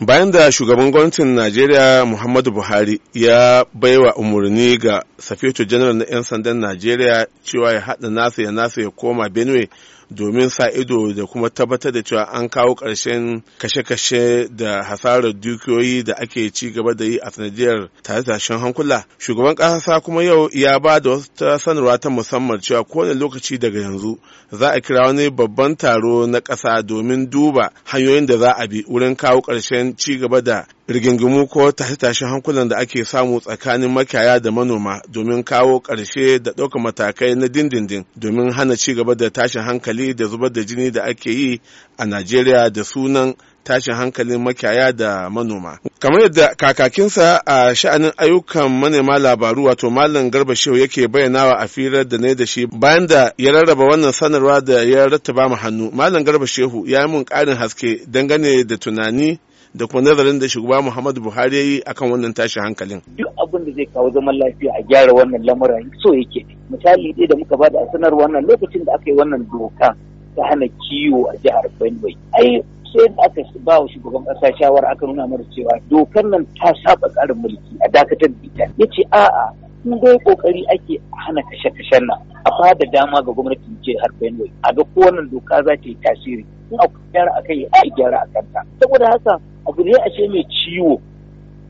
bayan da shugaban gwamnatin najeriya muhammadu buhari ya baiwa umarni ga safeto general na 'yan sandan najeriya cewa ya haɗa nasa ya nasa ya koma benue domin sa ido da kuma tabbatar da cewa an kawo ƙarshen kashe-kashe da hasarar dukiyoyi da ake ci gaba da yi a sanadiyar tashen hankula shugaban ƙasa kuma yau ya ba da wasu sanarwa ta musamman cewa kowane lokaci daga yanzu za a kira wani babban taro na ƙasa domin duba hanyoyin da za a bi wurin kawo ƙarshen ci gaba da rigingimu ko tashe-tashen hankulan da ake samu tsakanin makiyaya da manoma domin kawo ƙarshe da ɗaukar matakai na dindindin domin hana ci gaba da tashin hankali da zubar da jini da ake yi a najeriya da sunan tashin hankalin makiyaya da manoma. Kamar yadda kakakinsa a sha'anin ayyukan manema labaru wato Malam Garba Shehu yake bayyanawa a firar da ne da shi bayan da ya rarraba wannan sanarwa da ya rattaba mu hannu. Malam Garba Shehu ya yi mun ƙarin haske dangane da tunani da kuma nazarin da shugaba Muhammadu Buhari ya yi akan wannan tashi hankalin. Duk abin da zai kawo zaman lafiya a gyara wannan lamuran so yake. Misali dai da muka bada a sanar wannan lokacin da aka yi wannan doka ta hana kiwo a jihar Benue. Ai sai da aka ba wa shugaban ƙasa shawara aka nuna mana cewa dokar nan ta saba karin mulki a dakatar da ita. Ya ce a'a su dai kokari ake hana kashe-kashen nan a fada dama ga gwamnatin har Benue a ga kowannan doka za ta yi tasiri in akwai gyara a kai a gyara a kanta saboda haka abu ne a ce mai ciwo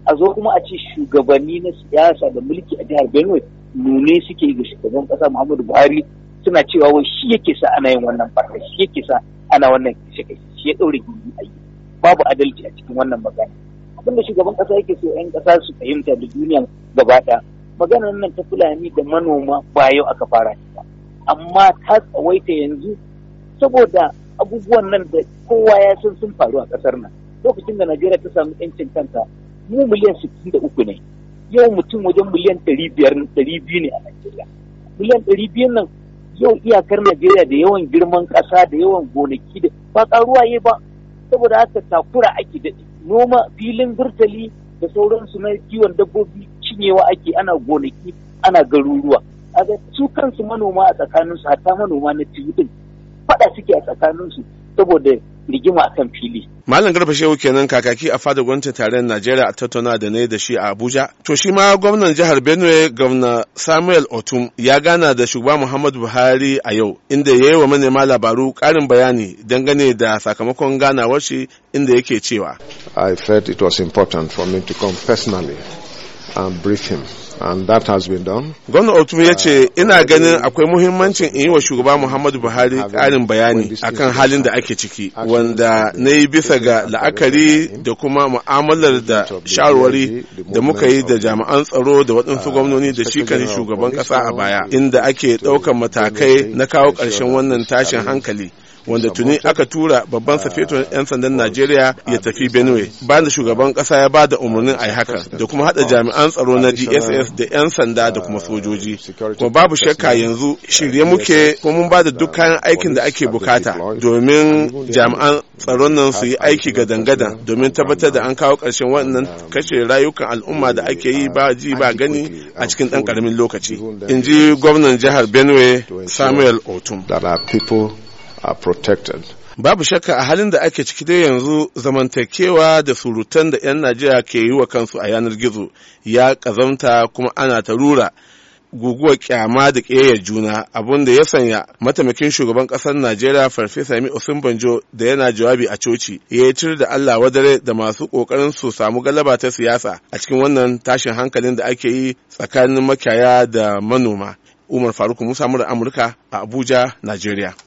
a zo kuma a ce shugabanni na siyasa da mulki a jihar Benue nune suke ga shugaban kasa Muhammadu Buhari suna cewa wai shi yake sa ana yin wannan barka shi yake sa ana wannan kashe-kashe shi ya ɗaure gindi a yi babu adalci a cikin wannan magana abinda shugaban kasa yake so 'yan ƙasa su fahimta da duniya gaba ɗaya maganar nan ta fulani da manoma ba yau aka fara shi ba amma ta tsawaita yanzu saboda abubuwan nan da kowa ya san sun faru a ƙasar nan lokacin da najeriya ta samu yancin kanta mu miliyan sittin da uku ne yau mutum wajen miliyan ɗari biyu ne a najeriya miliyan ɗari biyu nan yau iyakar najeriya da yawan girman ƙasa da yawan gonaki da ba ƙaruwa yi ba saboda haka takura ake da noma filin burtali da sauransu na kiwon dabbobi cinyewa ake ana gonaki ana garuruwa su kansu manoma a tsakaninsu hatta manoma na filin faɗa suke a tsakaninsu saboda rigima a kan fili. Malam Garba Shehu kenan kakaki a fadar gwamnatin tarayyar Najeriya a tattauna da ne da shi a Abuja. To shi ma gwamnan jihar Benue gwamna Samuel Otum ya gana da shugaba Muhammadu Buhari a yau inda ya yi wa manema labaru karin bayani dangane da sakamakon ganawar shi inda yake cewa. I felt it was important for me to come personally and brief him and that has been done. Gwamna Otu ya ce uh, ina ganin akwai muhimmancin in yi wa shugaba Muhammadu Buhari ƙarin bayani akan halin da ake ciki wanda na yi bisa ga la'akari da kuma mu'amalar da shawarwari da muka yi da jami'an tsaro da waɗansu uh, gwamnoni da shi kan shugaban ƙasa a baya inda ake ɗaukar matakai na kawo ƙarshen wannan tashin hankali. wanda tuni aka tura babban safetun ah, 'yan sandan najeriya ah, ya tafi benue bayan da shugaban kasa ya ba da umarnin a yi hakan da kuma hada jami'an tsaro na dss da 'yan sanda da kuma ah, sojoji kuma babu shakka yanzu shirye muke kuma mun ba da duk kayan aikin da ake bukata domin jami'an tsaron nan su yi aiki ga dangadan domin tabbatar da an kawo ƙarshen wannan um, kashe rayukan al'umma da ake yi ba ji ba gani a cikin ɗan ƙaramin lokaci in ji gwamnan jihar benue samuel otum are protected. Babu shakka a halin da ake ciki dai yanzu zamantakewa da surutan da 'yan Najeriya ke yi wa kansu a yanar gizo ya ƙazamta kuma ana ta rura. guguwar kyama da ƙeyar juna abun da ya sanya Matamakin shugaban ƙasar najeriya farfesa mi usman banjo da yana jawabi a coci ya yi cir da allah wadare da masu ƙoƙarin su samu galaba ta siyasa a cikin wannan tashin hankalin da ake yi tsakanin makiyaya da manoma umar faruk musa mura amurka a abuja najeriya